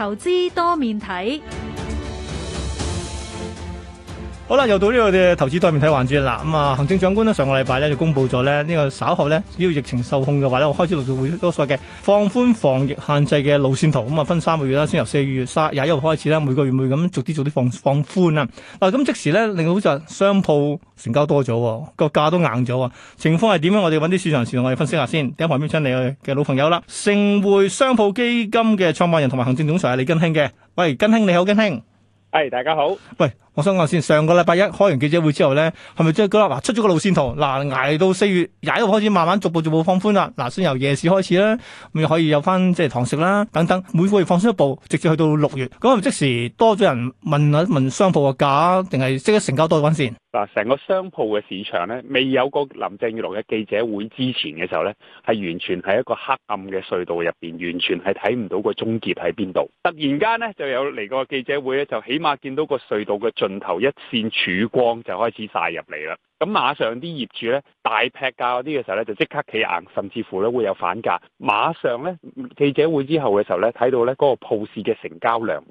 投資多面睇。好啦，又到呢、這個嘅投資多面睇環節啦。咁啊，行政長官咧上個禮拜咧就公布咗咧呢個稍後呢，如果疫情受控嘅話咧，我開始陸續會多晒嘅放寬防疫限制嘅路線圖。咁啊，分三個月啦，先由四月廿一號開始啦，每個月會咁逐啲逐啲放放寬啊。嗱，咁即時令到好似商鋪成交多咗，個價都硬咗。情況係點樣？我哋揾啲市場線，我哋分析下先。喺旁邊請嚟嘅老朋友啦，盛匯商鋪基金嘅創辦人同埋行政總裁係李根興嘅。喂，根興你好，根興，係、hey, 大家好，喂。我想講先，上個禮拜一開完記者會之後咧，係咪即係嗱出咗個路線圖？嗱，挨到四月，廿一號開始慢慢逐步逐步放寬啦。嗱，先由夜市開始啦，咪可以有翻即係堂食啦，等等。每個月放鬆一步，直接去到六月，咁係咪即時多咗人問一問商鋪個價，定係即刻成交多唔多先？嗱，成個商鋪嘅市場咧，未有個林鄭月娥嘅記者會之前嘅時候咧，係完全喺一個黑暗嘅隧道入邊，完全係睇唔到個終結喺邊度。突然間咧，就有嚟個記者會咧，就起碼見到個隧道嘅盡頭一線曙光就開始曬入嚟啦！咁馬上啲業主咧，大劈價嗰啲嘅時候咧，就即刻企硬，甚至乎咧會有反價。馬上咧記者會之後嘅時候咧，睇到咧嗰個鋪市嘅成交量。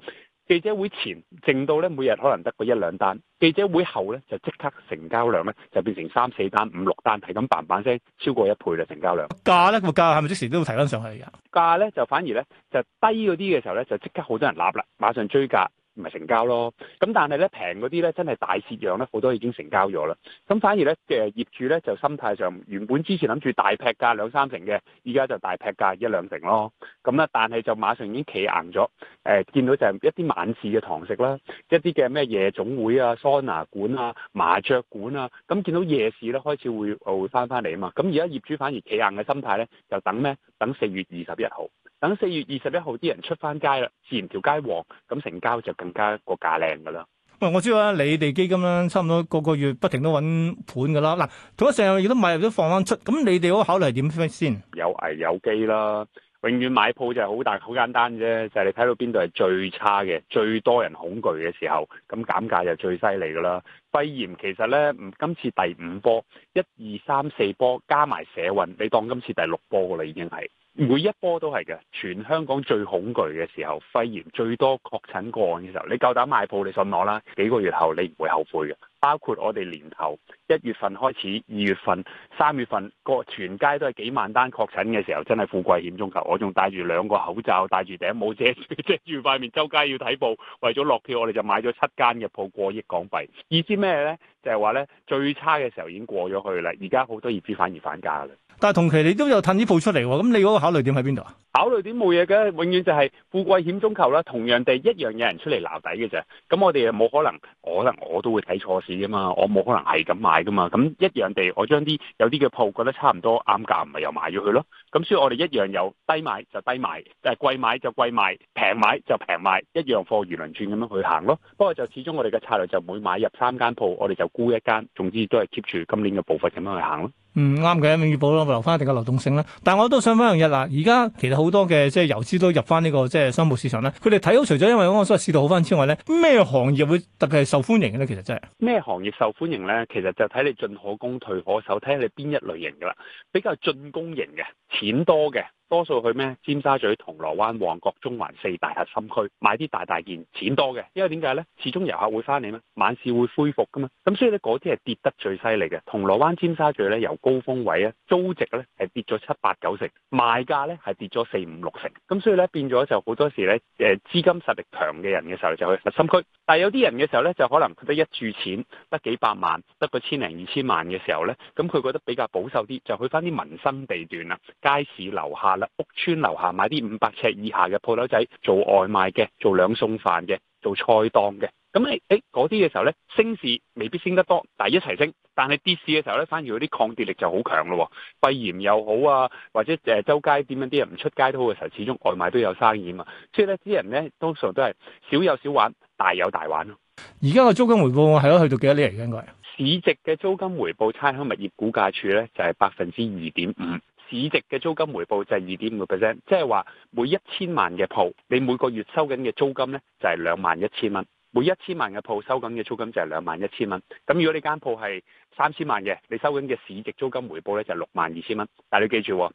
記者會前淨到咧每日可能得個一兩單，記者會後咧就即刻成交量咧就變成三四單、五六單，係咁嘭嘭聲超過一倍嘅成交量。價咧個價係咪即時都會提翻上去噶？價咧就反而咧就低嗰啲嘅時候咧，就即刻好多人立啦，馬上追價。咪成交咯，咁但係咧平嗰啲咧真係大蝕讓咧，好多已經成交咗啦。咁反而咧嘅業主咧就心態上，原本之前諗住大劈價兩三成嘅，而家就大劈價一兩成咯。咁 咧樂，但係就馬上已經企硬咗。誒， 見到就係一啲晚市嘅堂食啦，一啲嘅咩夜總會啊、桑拿館啊、麻雀館啊，咁見到夜市咧開始會會翻翻嚟啊嘛。咁而家業主反而企硬嘅心態咧，就等咩？等四月二十一號。等四月二十一號，啲人出翻街啦，自然條街旺，咁成交就更加個價靚噶啦。喂，我知道啦，你哋基金啦，差唔多個個月不停都揾盤噶啦。嗱，做咗成日亦都買入都放翻出，咁你哋好考慮點先？有危有機啦。永遠買鋪就係好大好簡單啫，就係、是、你睇到邊度係最差嘅、最多人恐懼嘅時候，咁減價就最犀利噶啦。肺炎其實呢，嗯，今次第五波、一二三四波加埋社運，你當今次第六波噶啦已經係，每一波都係嘅。全香港最恐懼嘅時候，肺炎最多確診個案嘅時候，你夠膽買鋪，你信我啦，幾個月後你唔會後悔嘅。包括我哋年頭一月份開始，二月份、三月份個全街都係幾萬單確診嘅時候，真係富貴險中求。我仲戴住兩個口罩，戴住頂帽遮遮住塊面，周街要睇報。為咗落票，我哋就買咗七間嘅鋪，過億港幣。意思咩呢？就係話呢，最差嘅時候已經過咗去啦。而家好多業主反而反價啦。但係同期你都有褪啲鋪出嚟喎，咁你嗰個考慮點喺邊度啊？考慮點冇嘢嘅，永遠就係富貴險中求啦。同樣地，一樣有人出嚟撈底嘅啫。咁我哋又冇可能，我可能我都會睇錯。嘅嘛，我冇可能係咁買噶嘛，咁一樣地，我將啲有啲嘅鋪覺得差唔多啱價，咪又賣咗佢咯。咁所以我哋一樣有低買就低賣，誒貴買就貴賣，平買就平賣，一樣貨如輪轉咁樣去行咯。不過就始終我哋嘅策略就每買入三間鋪，我哋就沽一間，總之都係 keep 住今年嘅步伐咁樣去行咯。唔啱嘅，要、嗯、保留翻一定嘅流動性啦。但係我都想翻樣嘢啦。而家其實好多嘅即係遊資都入翻呢個即係商舖市場啦。佢哋睇到除咗因為嗰個市道好翻之外咧，咩行業會特別係受歡迎嘅咧？其實真係咩行業受歡迎咧？其實就睇你進可攻退可守，睇下你邊一類型噶啦，比較進攻型嘅，錢多嘅。多數去咩？尖沙咀、銅鑼灣、旺角、中環四大核心區買啲大大件，錢多嘅，因為點解呢？始終遊客會翻嚟咩？晚市會恢復噶嘛？咁所以呢，嗰啲係跌得最犀利嘅。銅鑼灣、尖沙咀呢，由高峰位呢，租值呢，係跌咗七八九成，賣價呢，係跌咗四五六成。咁所以呢，變咗就好多時呢，誒資金實力強嘅人嘅時候就去核心區，但係有啲人嘅時候呢，就可能佢得一注錢，得幾百萬，得個千零二千萬嘅時候呢，咁佢覺得比較保守啲，就去翻啲民生地段啦，街市樓下。屋邨樓下買啲五百尺以下嘅舖頭仔做外賣嘅，做兩餸飯嘅，做菜檔嘅。咁你誒嗰啲嘅時候咧，升市未必升得多，但係一齊升。但係跌市嘅時候咧，反而嗰啲抗跌力就好強咯。肺炎又好啊，或者誒、呃、周街點樣啲人唔出街都好嘅時候，始終外賣都有生意嘛。所以咧，啲人咧通常都係少有少玩，大有大玩咯，啊。而家個租金回報係咯，去到幾多厘啊？應該市值嘅租金回報，差餉物業估價署咧就係百分之二點五。市值嘅租金回報就係二點五個 percent，即係話每一千萬嘅鋪，你每個月收緊嘅租金呢就係、是、兩萬一千蚊，每一千萬嘅鋪收緊嘅租金就係兩萬一千蚊。咁如果你間鋪係三千萬嘅，你收緊嘅市值租金回報呢就係六萬二千蚊。但係你記住，咁、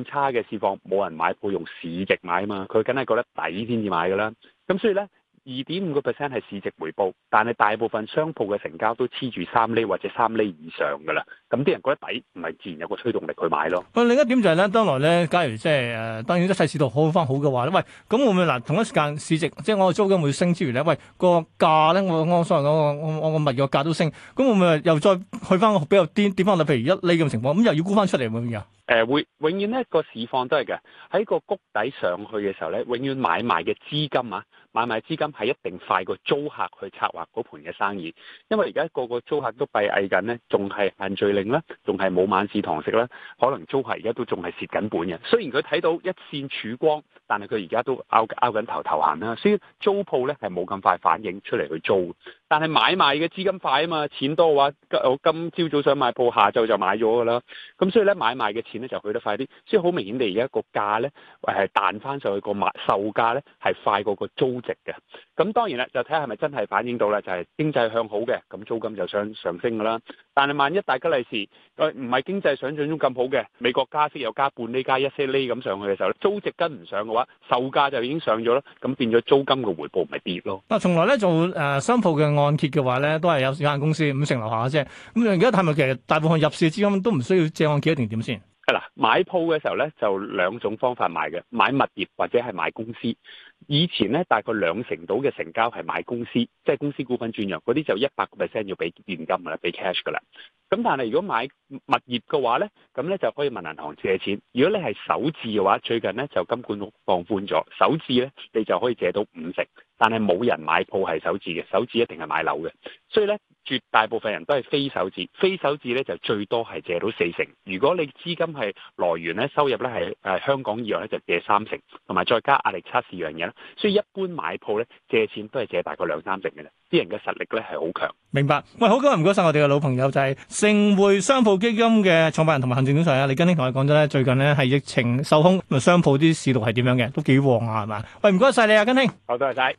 哦、差嘅市況冇人買鋪用市值買啊嘛，佢梗係覺得抵先至買㗎啦。咁所以呢。二點五個 percent 係市值回報，但係大部分商鋪嘅成交都黐住三厘或者三厘以上噶啦。咁啲人覺得抵，唔係自然有個推動力去買咯。喂，另一點就係、是、咧，將來咧，假如即係誒，當然一切市道好翻好嘅話咧，喂，咁會唔會嗱同一時間市值即係我租金會升之餘咧，喂、個價咧，我所謂我所講我我我物業價都升，咁唔咪又再去翻個比較癲跌翻落譬如一厘咁情況，咁又要沽翻出嚟，會唔會啊？誒會永遠咧個市況都係嘅，喺個谷底上去嘅時候咧，永遠買賣嘅資金啊，買賣資金係一定快過租客去策劃嗰盤嘅生意，因為而家個個租客都閉翳緊呢，仲係限聚令啦，仲係冇晚市堂食啦，可能租客而家都仲係蝕緊本嘅。雖然佢睇到一線曙光，但係佢而家都拗拗緊頭頭行啦，所以租鋪呢係冇咁快反應出嚟去租。但係買賣嘅資金快啊嘛，錢多嘅話，我今朝早想買鋪，下晝就買咗噶啦。咁所以呢，買賣嘅錢。就去得快啲，所以好明顯地，地，而家個價咧誒彈翻上去個賣售價咧係快過個租值嘅。咁當然啦，就睇下係咪真係反映到啦，就係、是、經濟向好嘅，咁租金就想上，上升噶啦。但係萬一大吉利是，誒唔係經濟想象中咁好嘅，美國加息又加半厘加一厘呢咁上去嘅時候咧，租值跟唔上嘅話，售價就已經上咗咯，咁變咗租金嘅回報咪跌咯。嗱，從來咧做誒商鋪嘅按揭嘅話咧，都係有有限公司五成樓下嘅啫。咁而家係咪其實大部分入市資金都唔需要借按揭定點先？買鋪嘅時候咧，就兩種方法買嘅，買物業或者係買公司。以前咧，大概兩成到嘅成交係買公司，即係公司股份轉讓，嗰啲就一百個 percent 要俾現金噶啦，俾 cash 噶啦。咁但係如果買物業嘅話呢，咁呢就可以問銀行借錢。如果你係首置嘅話，最近呢就金管局放寬咗首置呢，你就可以借到五成。但係冇人買鋪係首置嘅，首置一定係買樓嘅。所以呢，絕大部分人都係非首置，非首置呢，就最多係借到四成。如果你資金係來源呢，收入呢係誒香港以外呢，就借三成，同埋再加壓力測試樣嘢啦。所以一般買鋪呢，借錢都係借大概兩三成嘅。啲人嘅實力呢係好強。明白。喂，好，咁唔該晒我哋嘅老朋友就係、是。盛匯商鋪基金嘅創辦人同埋行政總裁啊，李根興同我哋講咗咧，最近咧係疫情受控，商鋪啲市道係點樣嘅？都幾旺啊，係嘛？喂，唔該晒你啊，根興。好多謝晒。